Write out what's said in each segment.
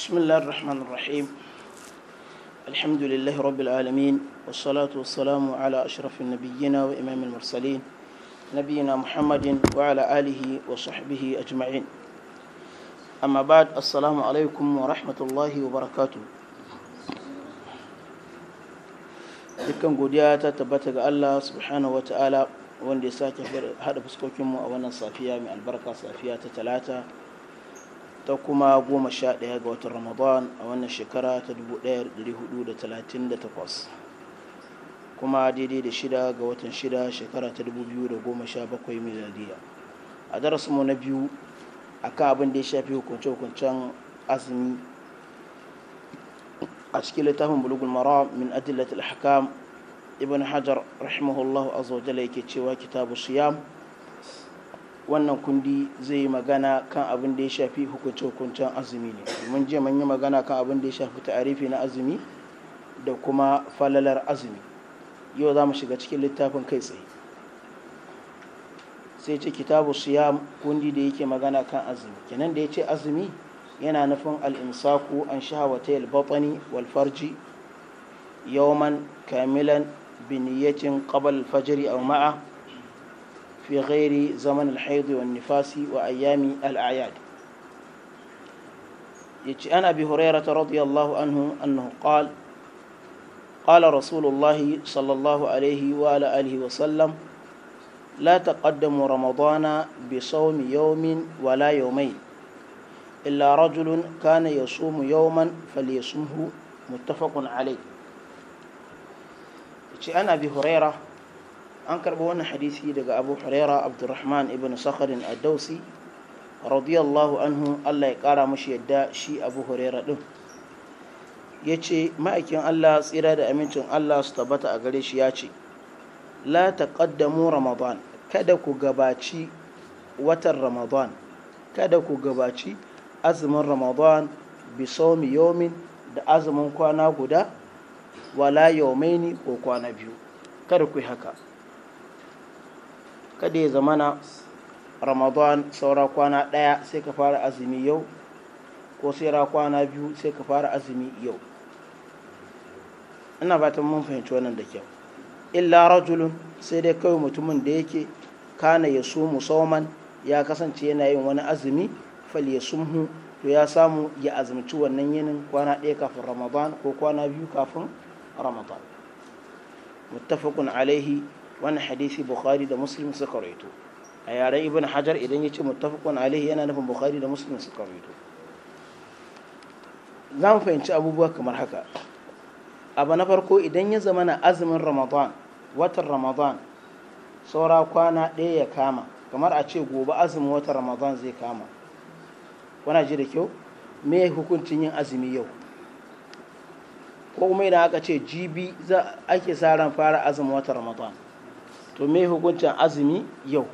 بسم الله الرحمن الرحيم الحمد لله رب العالمين والصلاة والسلام على أشرف النبيين وإمام المرسلين نبينا محمد وعلى آله وصحبه أجمعين أما بعد السلام عليكم ورحمة الله وبركاته dukkan godiya ta tabbata ga Allah subhanahu ta'ala wanda ya sake haɗa fuskokinmu a wannan safiya mai albarka safiya ta talata ta kuma goma sha ɗaya ga watan ramadan a wannan shekara ta 1438 kuma daidai da shida ga watan shida shekara ta 2017 miladiya a darasinmu na biyu a kan abin da ya shafi hukunce-hukuncen azumi a cikin littafin bulugul mara min adillatul hakam ibn hajar rahimahullahu azawajala yake cewa kitabu siyam wannan kundi zai magana kan abin da ya shafi hukunci hukuncin azumi ne domin jiya mun yi magana kan abin da ya shafi ta'arifi na azumi da kuma falalar azumi yau za mu shiga cikin littafin kai tsaye sai ce kitabu ya kundi da yake magana kan azumi kenan da ya ce azumi yana nufin al'insaku an sha shahawata yalbatani walfarji yawman kamilan biniyacin qabal fajiri aw ma'a في غير زمن الحيض والنفاس وأيام الأعياد عن أبي هريرة رضي الله عنه أنه قال قال رسول الله صلى الله عليه وعلى آله وسلم لا تقدموا رمضان بصوم يوم ولا يومين إلا رجل كان يصوم يوما فليصمه متفق عليه عن أبي هريرة an karɓi wannan hadisi daga abu huraira abdurrahman ibn sakharin a dausi radiyallahu anhu allah ya ƙara mashi yadda shi abu huraira ɗin ya ce ma'aikin allah tsira da amincin allah su tabbata a gare shi ya ce la taqaddamu ramadan kada ku gabaci watan ramadan kada ku gabaci azumin ramadan bi yomin, yawmin da azumin kwana guda wala yawmaini ko kwana biyu kada ku yi haka kada ya zamana ramadan saura kwana ɗaya sai ka fara azumi yau ko ra kwana biyu sai ka fara azumi yau ina fatan mun fahimci wannan da kyau illa rajulun sai dai kawai mutumin da yake kana ya sumu sauman ya kasance yana yin wani azumi fal ya sumhu to ya samu ya azumci wannan yinin kwana ɗaya kafin ramadan ko kwana biyu kafin ramadan muttafaqun alaihi wannan hadisi bukhari da muslim suka rawaito a yaren ibn hajar idan ya ce muttafaqun alaihi yana nufin bukhari da muslim suka rawaito za mu fahimci abubuwa kamar haka abu na farko idan ya zama na azumin ramadan watan ramadan saura kwana ɗaya ya kama kamar a ce gobe azumin watan ramadan zai kama wana ji da kyau me hukuncin yin azumi yau ko kuma idan aka ce jibi ake sa ran fara azumin watan ramadan to me hukuncin azumi yau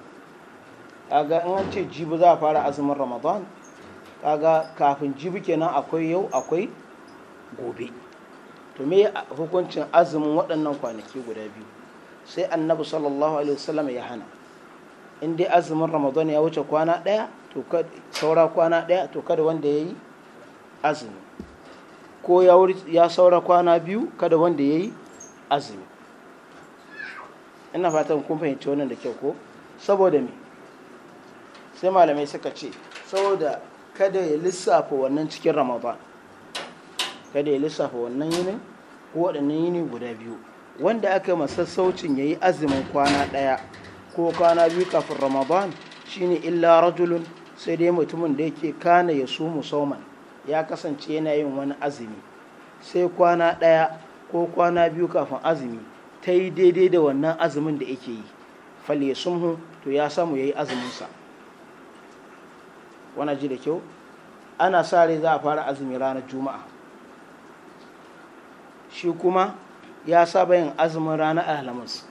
kaga in an ce jibi za a fara azumin ramadan kaga kafin jibi kenan akwai yau akwai gobe to me hukuncin azumin waɗannan kwanaki guda biyu sai annabi sallallahu alaihi wasallam ya hana in dai azumin ramadan ya wuce kwana ɗaya to saura kwana ɗaya to kada wanda ya yi azumi ko ya saura kwana biyu kada wanda ya yi azumi ina fatan kun fahimci wannan da kyau ko saboda me sai malamai suka ce saboda kada ya lissafa wannan cikin ramadan kada ya lissafa wannan yini ko waɗannan yini guda biyu wanda aka yi masassaucin ya yi azumin kwana ɗaya ko kwana biyu kafin ramadan shine illa rajulun sai dai mutumin da yake kana ya su musamman ya kasance yana yin wani azumi sai kwana ɗaya ko kwana biyu kafin azumi ta yi daidai da wannan azumin da yake yi falle sumhu to ya samu ya yi azuminsa wana ji da kyau ana sa rai za a fara azumi ranar juma'a shi kuma ya saba yin azumin ranar alhamis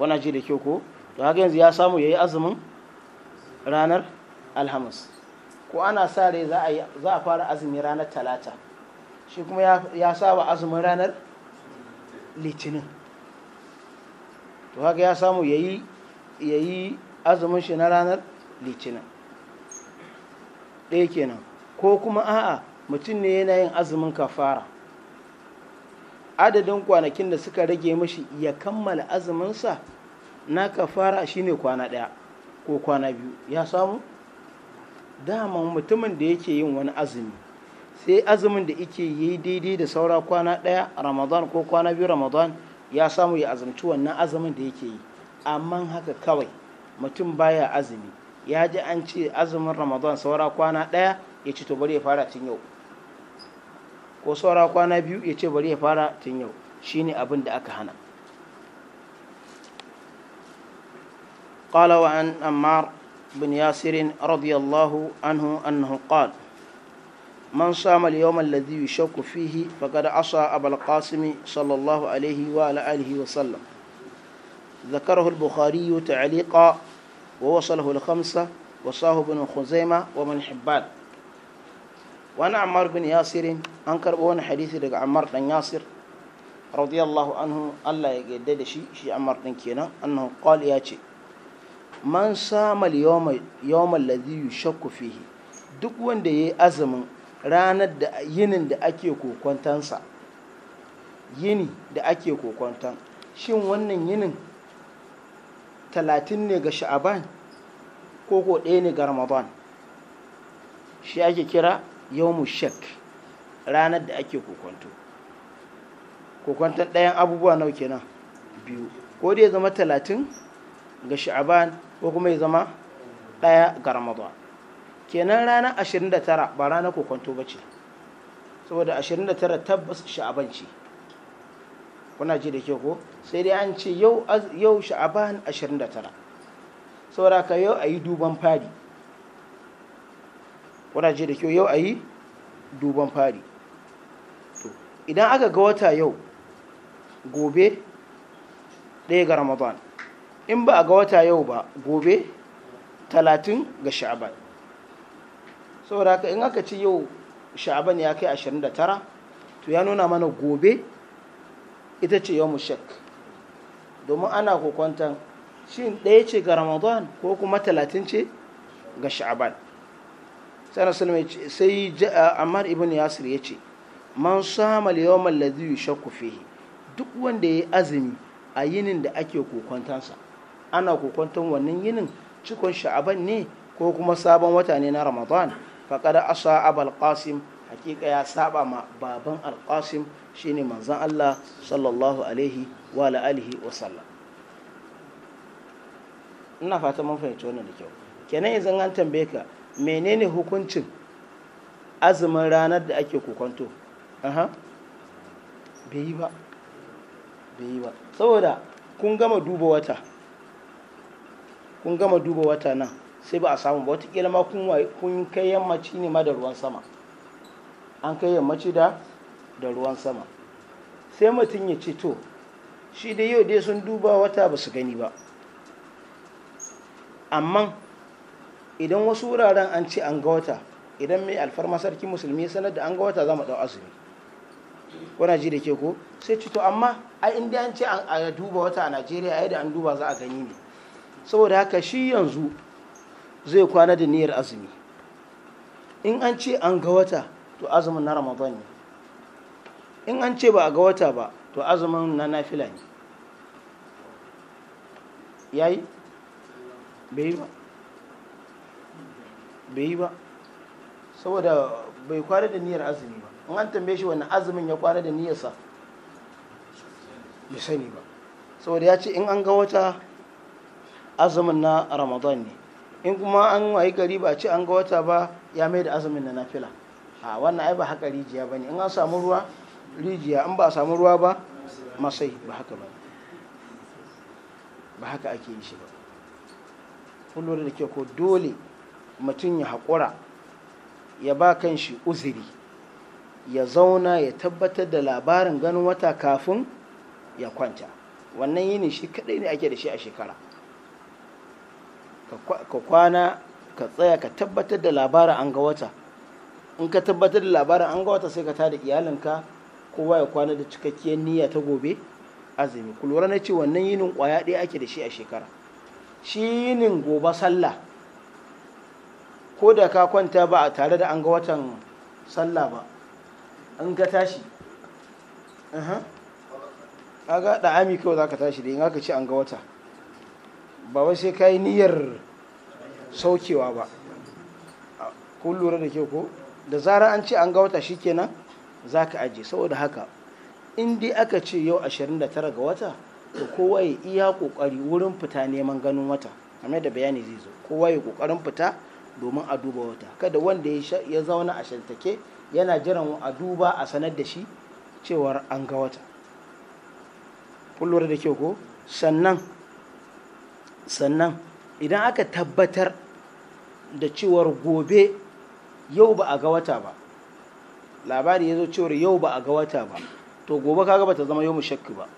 wana ji da kyau ko to haka yanzu ya samu ya yi azumin ranar alhamis ko ana sa rai za a fara azumi ranar talata shi kuma ya saba azumin ranar litinin to haka ya samu ya yi azumin shi na ranar litinin ɗaya kenan ko kuma a'a mutum ne yana yin azumin kafara adadin kwanakin da suka rage mashi ya kammala azuminsa na kafara shine kwana ɗaya ko kwana biyu ya samu daman mutumin da yake yin wani azumi sai azumin da yake yi daidai da saura kwana ɗaya ramadan ko kwana biyu ramadan ya samu ya azumci wannan azumin da yake yi amma haka kawai mutum baya azumi ya ji an ce azumin ramadan saura kwana ɗaya ya ce to bari ya fara tun yau ko saura kwana biyu ya ce bari ya fara tun yau shine abin da aka hana قال وعن أمار بن ياسر رضي الله عنه أنه قال من صام اليوم الذي يشك فيه فقد عصى أبا القاسم صلى الله عليه وعلى آله وسلم ذكره البخاري تعليقا ووصله الخمسة وصاه بن خزيمة ومن حبان وأنا عمار بن ياسر أنكر وانا حديث لك عمار بن ياسر رضي الله عنه الله يجدد شيء شيء عمار بن كينا أنه قال ياتي من صام اليوم يوم الذي يشك فيه duk wanda ya yi azumin ranar da yinin da ake kokontansa yini da ake kokontan shin wannan yinin talatin ne ga sha'aban ko ko ɗaya ne ga ramadan shi ake kira yawmu shak ranar da ake kokonto kokontan ɗayan abubuwa nau kenan biyu ko dai zama talatin ga sha'aban ko kuma ya zama ɗaya ga ramadan kenan rana 29 ba rana kokonto ba ce saboda 29 tabbas sha'aban ce kuna ji da ke ko sai dai an ce yau yau sha'aban 29 saboda ka yau a yi duban fari kuna ji da ke yau a yi duban fari idan aka ga wata yau gobe ɗaya ga ramadan in ba a ga wata yau ba gobe talatin ga sha'aban saboda haka in aka ci yau sha'aban ya kai 29 to ya nuna mana gobe ita ce yau shak domin ana kokwantan shin ɗaya ce ga ramadan ko kuma talatin ce ga sha'aban sai ammar ibn yasir ya ce man samal yawmal ladhi yushakku fihi duk wanda ya yi azumi a yinin da ake kokwantansa ana kokwantan wannan yinin cikon sha'aban ne ko kuma sabon wata ne na ramadan faqad asa abal qasim hakika ya saba ma baban al-qasim shine manzon Allah sallallahu alaihi wa alihi wa sallam ina fata mun fahimci wannan da kyau kenan idan an tambaye ka menene hukuncin azumin ranar da ake kokonto aha bai yi ba bai yi ba saboda kun gama duba wata kun gama duba wata nan sai ba a samu ba watakila ma kun kai yammaci ne ma da ruwan sama an kai yammaci da da ruwan sama sai mutum ya ce to shi da yau dai sun duba wata ba su gani ba amma idan wasu wuraren an ce an ga wata idan mai alfarma sarki musulmi sanar da an ga wata za mu ɗau azumi wana ji da ke ko sai ci to amma a inda an ce a duba wata a najeriya a da an duba za a gani ne saboda haka shi yanzu zai kwana da niyyar azumi in an ce an ga wata to azumin na ramadan ne in an ce ba a ga wata ba to azumin na nafila ne yayi bai yi ba bai yi ba saboda bai kwana da niyyar azumi ba in an tambaye shi wani azumin ya kwana da niyyarsa bai sani ba saboda ya ce in an ga wata azumin na ramadan ne in kuma an wayi gari ba ci an ga wata ba ya mai da azumin na nafila a wannan ai ba haka rijiya bane in an samu ruwa rijiya in ba a samu ruwa ba masai ba haka ba ba haka ake yi shi ba kun lura da ke ko dole mutum ya haƙura ya ba kan shi uziri ya zauna ya tabbatar da labarin ganin wata kafin ya kwanta wannan yini shi kadai ne ake da shi a shekara ka kwana ka tsaya ka tabbatar da labarin an ga wata in ka tabbatar da labarin an ga wata sai ka tada iyalinka kowa ya kwana da cikakkiyar niyya ta gobe azumi ku lura na ce wannan yinin kwaya ɗaya ake da shi a shekara shi yinin gobe sallah ko da ka kwanta ba a tare da an ga watan sallah ba in ka tashi aga da ami kawai za ka tashi da in aka ce an ga wata ba wai sai ka yi niyyar saukewa ba kun lura da ke ko da zara an ce an ga wata shikenan za ka ajiye. saboda haka indi aka ce yau 29 ga wata to kowa ya iya kokari wurin fita neman ganin wata game da bayani zai zo kowa ya kokarin fita domin a duba wata kada wanda ya zauna a shantake yana jiran a duba a sanar da shi cewar an ga wata Kullum da kyau ko sannan sannan idan aka tabbatar da cewar gobe yau ba a ga wata ba labari ya zo cewar yau ba a ga wata ba to gobe kaga ba ta zama yau shakki ba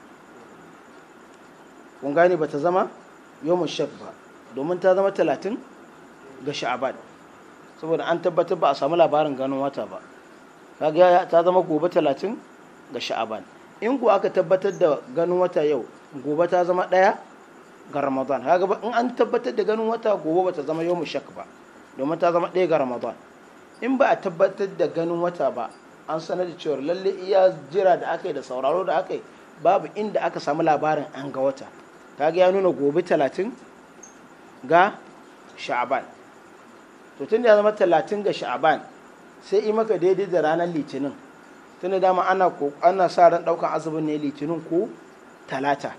kun gane ba ta zama yau shak ba domin ta zama talatin ga sha'aban saboda an tabbatar ba a samu labarin ganin wata ba kaga ta zama gobe talatin ga sha'aban in ku aka tabbatar da ganin wata yau gobe ta zama ɗaya ga ramadan kaga ba in an tabbatar da ganin wata gobe bata ta zama yau shak ba domin ta zama ɗaya ga ramadan in ba a tabbatar da ganin wata ba an sanar da cewa lalle iya jira da aka yi da sauraro da aka yi babu inda aka samu labarin an ga wata kaga ya nuna gobe talatin ga sha'aban to tun da ya zama talatin ga sha'aban sai yi maka daidai da ranar litinin tun da dama ana sa ran ɗaukan azumin ne litinin ko talata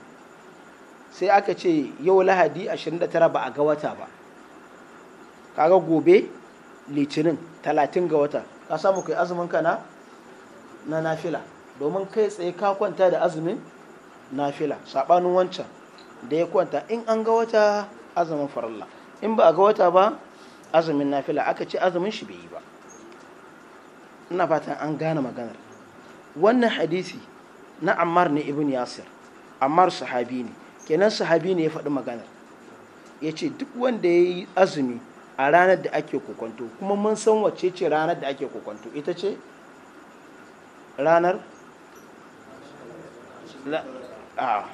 sai aka ce yau lahadi 29 ba a ga wata ba kaga gobe litinin 30 ga wata ka samu kai azumin ka na na nafila domin kai tsaye ka kwanta da azumin nafila sabanin wancan da ya kwanta in an ga wata azumin faralla in ba a ga wata ba azumin nafila aka ce azumin shi bai yi ba ina fatan an gane maganar wannan hadisi na ammar ne ibn yasir ammar sahabi ne kenan sahabi ne ya faɗi maganar ya ce duk wanda ya yi azumi a ranar da ake kokonto kuma mun san wacce ce ranar da ake kokonto ita ce ranar a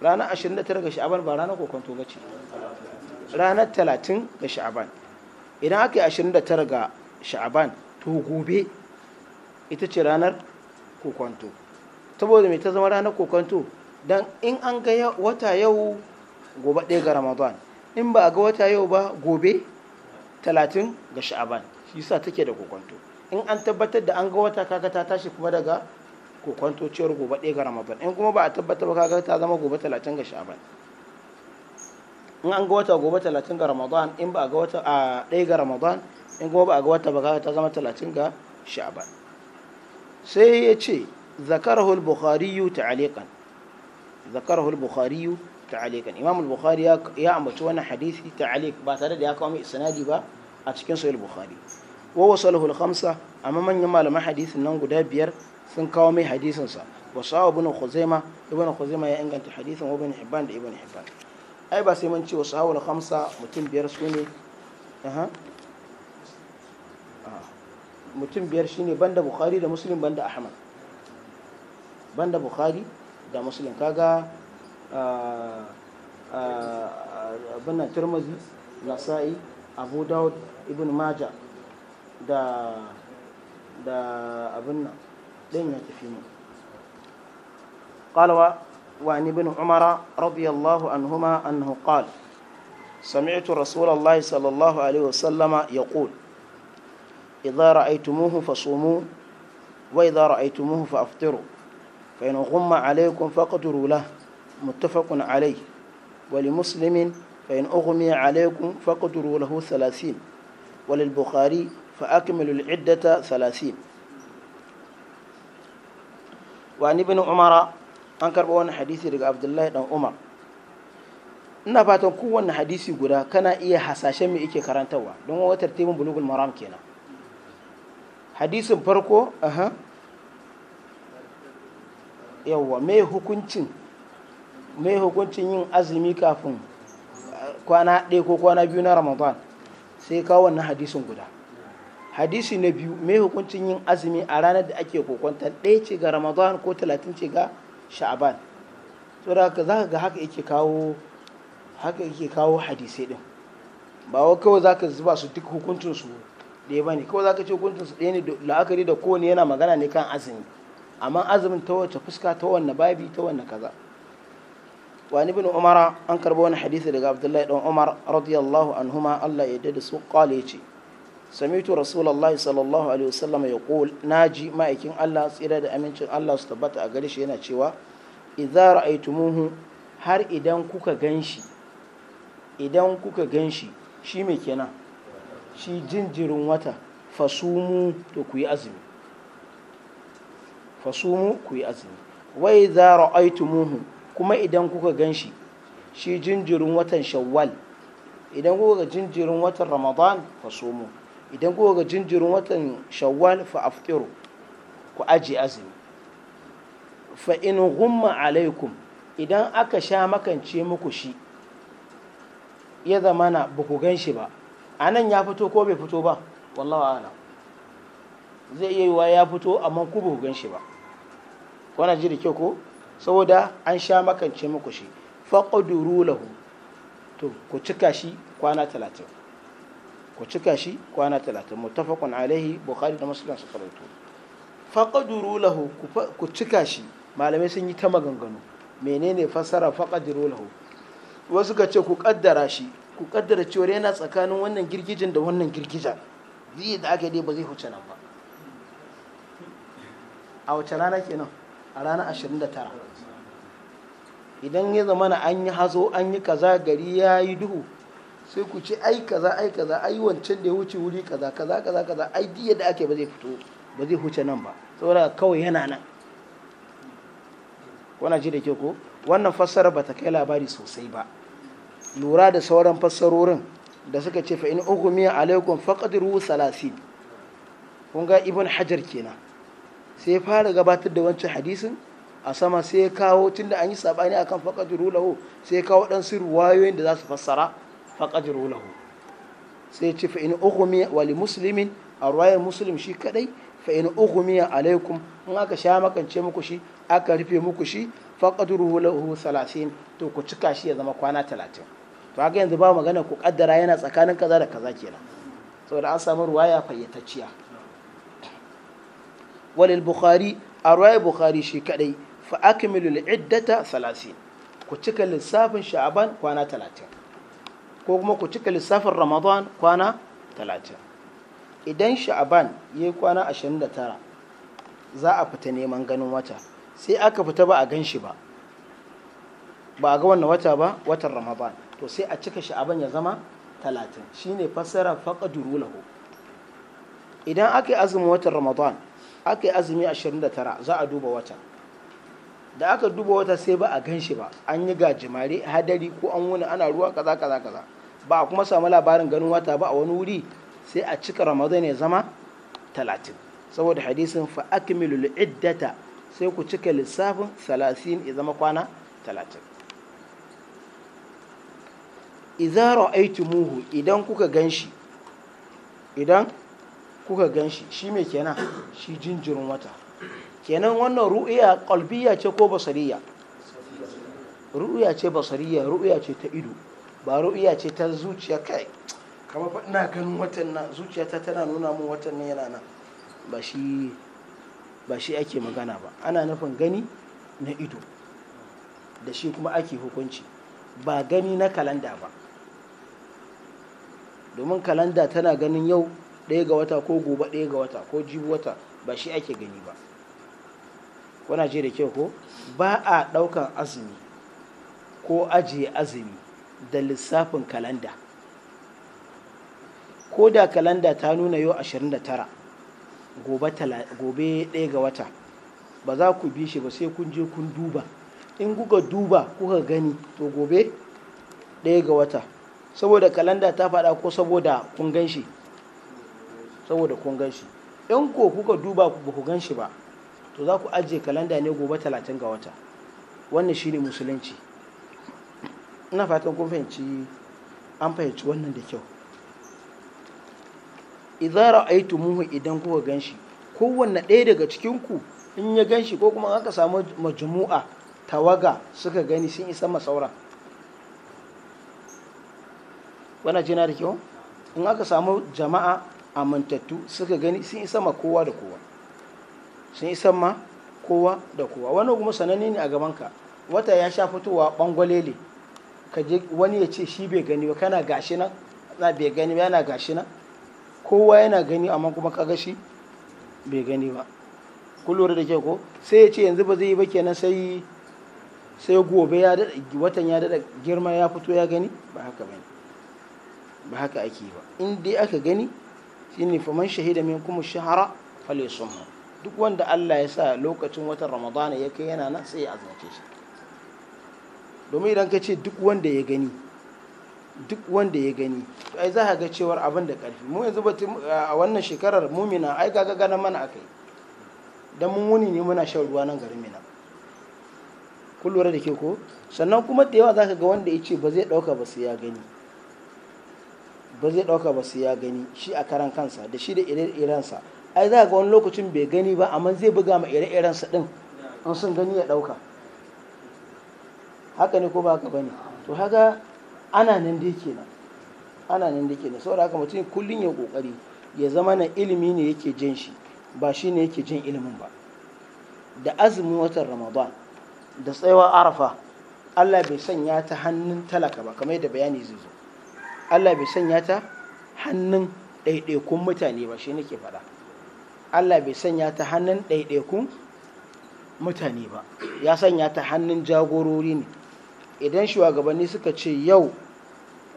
ranar 29 ga sha'aban ba ranar kokonto ba ce ranar 30 ga sha'aban idan aka yi 29 ga sha'aban to gobe ita ce ranar kokonto saboda mai ta zama ranar kokonto don in an ga wata yau gobe ɗaya ga ramadan in ba a ga wata yau ba gobe talatin ga sha'aban shi sa take da kokonto in an tabbatar da an ga wata kaga ta tashi kuma daga kokonto cewar gobe ɗaya ga ramadan in kuma ba a tabbatar ba kaga ta zama gobe talatin ga sha'aban in an ga wata gobe talatin ga ramadan in ba a ga wata a ɗaya ga ramadan in kuma ba a ga wata ba kaga ta zama talatin ga sha'aban sai ya ce zakarahul bukhari ta'aliqan zakarahu al-bukhari ta'alikan imam al-bukhari ya ambaci wannan hadisi ta'alik ba tare da ya kawo mai isnadi ba a cikin sahih al-bukhari wa wasalahu al-khamsa amma manyan malaman hadisin nan guda biyar sun kawo mai hadisin sa wa sawa ibn khuzaima ibn khuzaima ya inganta hadisin wa ibn hibban da ibn hibban ai ba sai mun ce wa sawa al-khamsa mutum biyar su ne mutum biyar shine banda bukhari da muslim banda ahmad banda bukhari da kaga abin nan tirmazi nasa'i abu daud ibn maja da da abin nan ɗin ya tafi mu ƙalwa wa ni bin umara radiyallahu anhuma annahu qala sami'tu rasulullahi sallallahu alaihi wasallama yaqul idza ra'aytumuhu fasumu wa idza ra'aytumuhu fa'aftiru فإن غم عليكم فاقدروا له متفق عليه ولمسلم فإن أغمي عليكم فاقدروا له ثلاثين وللبخاري فأكملوا العدة ثلاثين وعن ابن عمر أنكر بوانا حديثي لك عبد الله بن عمر ina fatan kowanne hadisi guda kana iya hasashen mai ike karantarwa don wa tartibin bulugul maram kenan hadisin farko aha yawwa mai hukuncin mai hukuncin yin azumi kafin eh, kwana ɗaya ko kwana biyu na ramadan sai kawo wannan hadisin guda hadisi na biyu mai hukuncin yin azumi a ranar da ake kokonta ɗaya ce ga ramadan ko talatin ce ga sha'aban saboda za ka ga haka yake kawo haka yake kawo hadisai ɗin ba wa kawai za ka zuba su duk hukuncinsu ɗaya ba ne kawai za ka ce hukuncinsu ɗaya ne la'akari da kowane yana magana ne kan azumi amma azumin ta wace fuska ta wanne babi ta wanne kaza wani bin umara an karbo wani hadisi daga abdullahi dan umar radiyallahu anhuma allah ya da su kale ce samitu rasulullah sallallahu alaihi wasallam ya qul naji ma'aikin allah tsira da amincin allah su tabbata a gare shi yana cewa idza ra'aytumuhu har idan kuka ganshi idan kuka ganshi shi me kenan shi jinjirin wata fasumu to ku yi azumi fasumu ku yi azumi wai za muhu kuma idan kuka ganshi shi jinjirin watan shawwal idan kuka ga jinjirin watan ramadan fasumu idan kuka ga jinjirin watan shawwal fa aftiru ku aji azumi fa in ghumma alaikum idan aka sha makance muku shi ya zama ba ku gan shi ba a nan ya fito ko bai fito ba wallawa ana zai iya yiwa ya fito amma ku ba ku gan shi ba wana ji da kyau ko saboda an sha makance muku shi faqduru lahu to ku cika shi kwana talatin ku cika shi kwana talatin muttafaqun alaihi bukhari da muslim su karatu faqduru lahu ku cika shi malamai sun yi ta maganganu menene fassara faqduru lahu wasu ka ce ku kaddara shi ku kaddara cewa yana tsakanin wannan girgijin da wannan girgija zai da aka dai ba zai huce nan ba a wace rana kenan a ranar 29 idan ya zama na an yi hazo an yi kaza gari ya yi duhu sai ku ce ai kaza ai kaza ai wancan da ya wuce wuri kaza kaza kaza kaza ai diya da ake ba zai fito ba zai huce nan ba saboda kawai yana nan kuna ji da ke ko wannan fassara ba ta kai labari sosai ba lura da sauran fassarorin da suka ce fa in ukumiya alaikum faqdiru salasin kun ga ibn hajar kenan sai ya fara gabatar da wancan hadisin a sama sai ya kawo tunda an yi sabani akan faqadru lahu sai ya kawo ɗan sir da za su fassara faqadru lahu sai ce fa in ughmi wa li a arwayar muslim shi kadai fa in ughmiya alaikum in aka sha makance muku shi aka rufe muku shi faqadruhu lahu 30 to ku cika shi ya zama kwana talatin to haka yanzu ba magana ku kaddara yana tsakanin kaza da kaza kenan saboda an samu ruwaya fayyatacciya walil bukhari a ruwaya bukhari shi kadai fa milu iddata salasi. ku cika lissafin sha'aban kwana talatin ko kuma ku cika lissafin ramadan kwana talatin idan sha'aban ya yi kwana 29 za a fita neman ganin wata sai aka fita ba a gan shi ba ba a ga wannan wata ba watan ramadan to sai a cika sha'aban ya zama 30 shine fassara faqaduru durulahu. idan aka yi azumin watan ramadan aka yi azumi 29 za a duba wata da aka duba wata sai ba a gan shi ba an yi gajimare hadari ko an wuni ana ruwa kaza kaza kaza ba a kuma samu labarin ganin wata ba a wani wuri sai a cika ramadan ya zama 30 saboda hadisin fa akmilul iddata sai ku cika lissafin 30 ya zama kwana 30 idza muhu idan kuka ganshi idan kuka gan shi shi mai kenan shi jinjirin wata kenan wannan ru'iya kalbiya ce ko basariya ru'iya ce basariya ru'iya ce ta ido ba ru'iya ce ta zuciya kai Kama fa ina ganin watan nan ta tana nuna mun watan nan yana nan ba shi ake magana ba ana nufin gani na ido da shi kuma ake hukunci ba gani na kalanda ba domin kalanda tana ganin yau ɗaya ga wata ko gobe ɗaya ga wata ko jibi wata ba shi ake gani ba wana je da kyau ko ba a ɗaukan azumi ko ajiye azumi da lissafin kalanda ko da kalanda ta nuna yau 29 gobe ɗaya ga wata ba za ku bi shi ba sai kun je kun duba in kuka duba kuka gani to gobe ɗaya ga wata saboda kalanda ta faɗa ko saboda kun gan shi saboda kun gan shi in ko kuka duba ba ku gan shi ba to za ku ajiye kalanda ne gobe talatin ga wata wannan shine musulunci ina fatan kun fahimci an fahimci wannan da kyau idan muhu idan kuka gan shi kowanne ɗaya daga cikinku in ya gan shi ko kuma aka samu majmu'a tawaga suka gani sun isa masaura wannan jina da kyau in aka samu jama'a amintattu suka gani sun isa ma kowa da kowa sun isa ma kowa da kowa wani kuma sananne ne a gabanka wata ya sha fitowa bangwalele ka je wani ya ce shi bai gani ba kana gashi nan na bai gani ba yana gashi nan kowa yana gani amma kuma kaga shi bai gani ba kun da ke ko sai ya ce yanzu ba zai yi ba kenan sai sai gobe ya dada watan ya dada girma ya fito ya gani ba haka bane ba haka ake ba in dai aka gani fa man shahida minkum shahara falyasumhu duk wanda Allah ya sa lokacin watan Ramadana ya kai yana nan sai ya azumce shi domin idan ka ce duk wanda ya gani duk wanda ya gani to ai za ka ga cewar abin da karfi mu yanzu a wannan shekarar mumina ai ga ganin mana akai dan mun wuni ne muna shan ruwa nan garin mina kullu da ke ko sannan kuma da yawa za ka ga wanda yace ba zai dauka ba sai ya gani ba zai ɗauka ba sai ya gani shi a karan kansa da shi da ire-irensa ai za ga wani lokacin bai gani ba amma zai buga ma ire-irensa din in sun gani ya ɗauka haka ne ko ba haka bane to haka ana nan yake kenan ana nan yake kenan saboda haka mutum kullun ya kokari ya zama na ilimi ne yake jin shi ba shi ne yake jin ilimin ba da azumin watan ramadan da tsayawa arafa allah bai sanya ta hannun talaka ba kamar yadda bayani zai zo Allah bai sanya ta hannun ɗaiɗaikun mutane ba shi nake faɗa Allah bai sanya ta hannun ɗaiɗaikun mutane ba ya sanya ta hannun jagorori ne idan shugabanni suka ce yau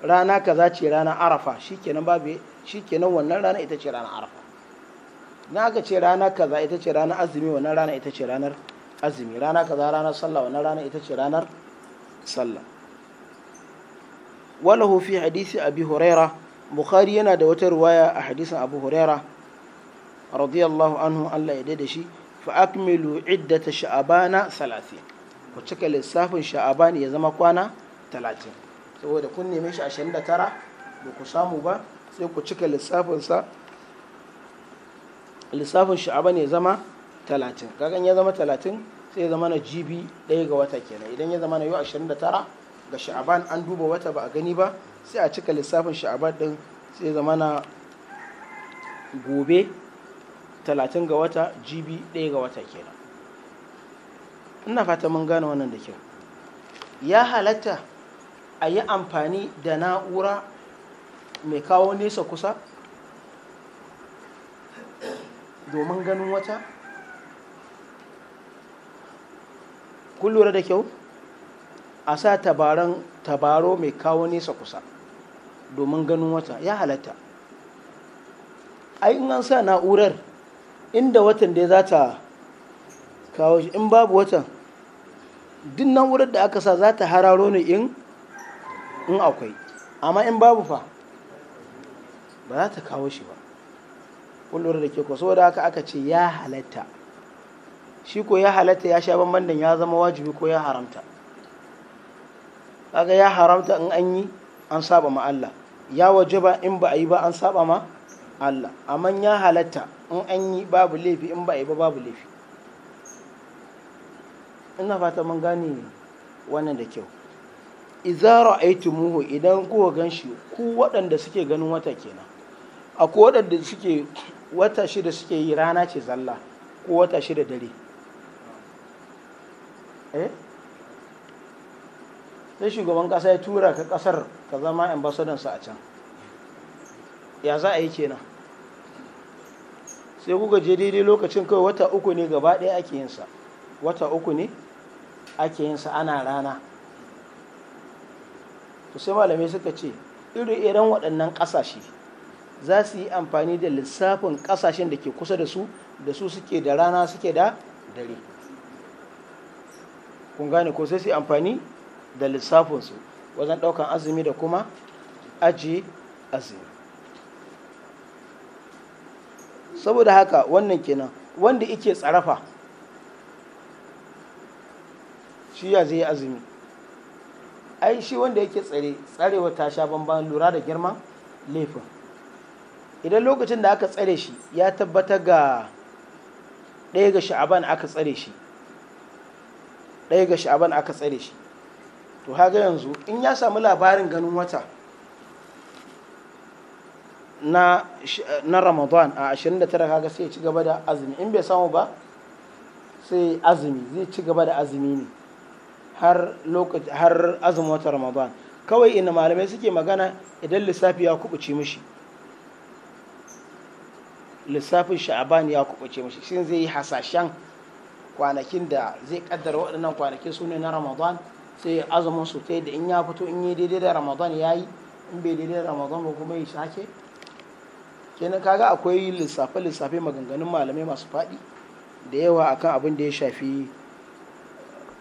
rana kaza ce rana arafa shikenan babu wannan rana ita ce rana arafa na aka ce rana kaza ita ce ranar azumi wannan rana ita ce ranar azumi rana kaza ranar sallah wannan rana ita ce ranar sallah walahu fi hadisi abi huraira bukhari yana da wata ruwaya a hadisin abu huraira radiyallahu anhu Allah ya da shi fa akmilu iddata sha'abana salatin ku cika lissafin sha'abani ya zama kwana talatin saboda kun neme shi ashirin da tara ba ku samu ba sai ku cika lissafinsa lissafin sha'abani ya zama talatin kagan ya zama talatin sai ya zama na jibi ɗaya ga wata kenan idan ya zama na yau ashirin da tara ga sha'aban an duba wata ba a gani ba sai a cika lissafin sha'aban din sai zama na gobe 30 ga wata gb 1 ga wata kenan ina fata mun gane wannan da kyau ya halatta a yi amfani da na'ura mai kawo nesa kusa domin ganin wata kun lura da kyau a sa tabaro mai kawo nesa kusa domin ganin wata ya halatta ai in an sa na'urar inda watan da ya za ta kawo shi in babu watan duk na'urar da aka sa za ta hararo ne in in akwai amma in babu fa ba za ta kawo shi ba kullum da ke kwaso da aka aka ce ya halatta shi ko ya halatta ya sha da ya zama wajibi ko ya haramta kaga ya haramta in an yi an saba ma Allah ya waje ba in ba a yi ba an saba ma Allah amma ya halatta in an yi babu laifi in ba a yi ba babu laifi ina fata mun gane wannan da kyau idza ra'aytumuhu idan kuka ganshi ku waɗanda suke ganin wata kenan akwai waɗanda suke wata shida suke yi rana ce zalla ko wata shida dare eh sai shugaban kasa ya tura ka kasar ka zama ambasadansa a can ya za a yi kenan sai kuka je daidai lokacin kawai wata uku ne gaba ɗaya ake yinsa wata uku ne ake yinsa ana rana to sai malamai suka ce irin irin waɗannan ƙasashe za su yi amfani da lissafin ƙasashen da ke kusa da su da su suke da rana suke da dare kun gane ko sai su yi amfani da lissafinsu wajen ɗaukan azumi da kuma aji azumi saboda haka wannan kenan wanda ike tsarafa shi ya zai azumi ai shi wanda yake tsare tsarewa ta sha bambam lura da girman laifin idan lokacin da aka tsare shi ya tabbata ga ɗaya ga sha'aban aka tsare shi ɗaya ga sha'aban aka tsare shi to haga yanzu in ya samu labarin ganin wata na, na ramadan a 29 haga sai ya ci gaba da azumi in bai samu ba sai azumi zai ci gaba da azumi ne har lokaci har azumin wata ramadan kawai ina malamai suke magana idan lissafi ya kubuce mishi lissafin sha'aban ya kubuce mishi shin zai yi hasashen kwanakin da zai kaddara waɗannan kwanakin su ne na ramadan sai azumin su ta da in ya fito in yi daidai da ramadan ya yi in bai daidai da ramadan ba kuma ya sake kenan kaga akwai lissafe lissafe maganganun malamai masu faɗi da yawa akan abin da ya shafi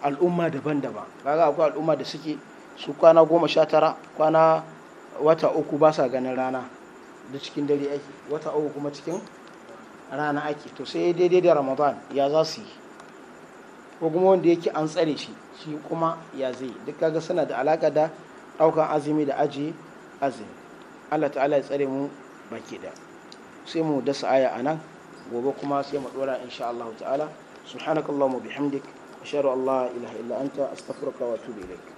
al'umma daban-daban kaga akwai al'umma da suke su kwana goma sha tara kwana wata uku ba sa ganin rana da cikin dare ake wata uku kuma cikin rana ake to sai daidai da ramadan ya za su yi ko kuma wanda yake an tsare shi shi kuma ya zai duk kaga suna da alaka da daukan azumi da aji azumi Allah ta'ala ya tsare mu baki da sai mu dasa aya nan gobe kuma sai mu dora insha Allah ta'ala subhanakallahumma bihamdik ashhadu an la ilaha illa anta astaghfiruka wa atubu ilaik